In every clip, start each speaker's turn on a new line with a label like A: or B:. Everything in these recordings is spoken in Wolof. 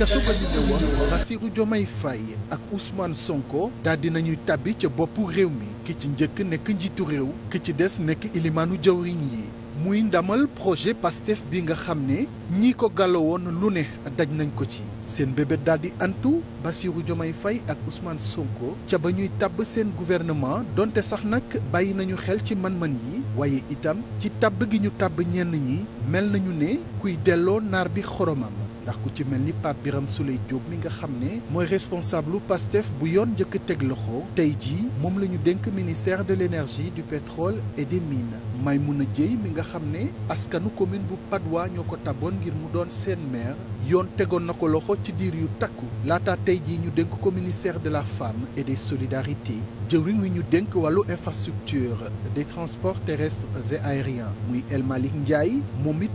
A: kaso ba dina woon
B: Bassirou Diomaye Faye ak Ousmane Sonko daal dinañuy tàbbi ca boppu réew mi ki ci njëkk nekk njiitu réew ki ci des nekk ilimaanu jawriñ yi muy ndamal projet PASTEF bi nga xam ne ñi ko woon lu ne daj nañ ko ci seen bébét daal di antu Bassirou Diomaye fay ak Ousmane Sonko ca ba ñuy tàbb seen gouvernement donte sax nag bàyyi nañu xel ci man-man yi waaye itam ci tàbb gi ñu tàbb ñenn ñi mel nañu ne kuy delloo naar bi xoromam ndax ku ci mel ni Pape Birame Souleye Diop mi nga xam ne mooy responsable lu Pastef bu yoon njëkk teg loxo tey jii moom la ñu dénk ministère de l'énergie du pétrole et des mun Maymouna Dièye mi nga xam ne askanu commune bu Patte ñoo ko taboon ngir mu doon seen maire yoon tegoon na ko loxo ci diir yu takku laata tey jii ñu dénk ko ministère de la femme et des solidarités jëwriñ wi ñu dénk wàllu infrastructure des transports terrestres et aériens muy El Malick Ndiaye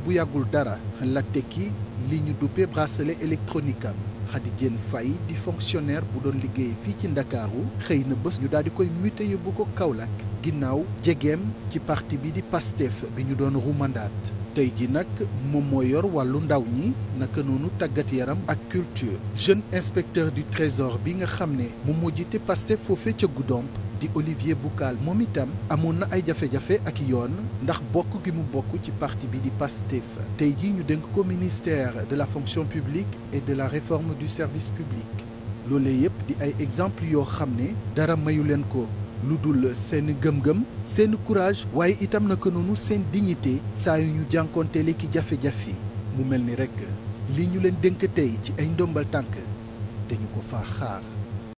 B: yàggul dara yore bracelet électronique am Khady di fonctionnaire bu doon liggéey fii ci Ndakaaru xëy na bés ñu daal di koy muté yóbbu ko Kaolack ginnaaw jegeem ci parti bi di Pastef bi ñu doon rumandaat tey ji nag moom moo yor wàllu ndaw ñi naka noonu tàggat yaram ak culture jeune inspecteur du trésor bi nga xam ne moom moo jiite Pastef foofe ca Goudomp di Olivier Boucal moom itam amoon na ay jafe-jafe ak yoon ndax bokk gi mu bokk ci parti bi di Pastef tey ji ñu dénk ko ministère de la fonction publique et de la réforme du service public loolee yëpp di ay exemple yoo xam ne dara mayu leen ko lu dul seen gëm-gëm seen courage waaye itam naka noonu seen dignité saa yu ñu jànkoonteele ki jafe-jafe mu mel ni rekk li ñu leen dénk tey ci ay ndombal tànk dañu ko faa xaar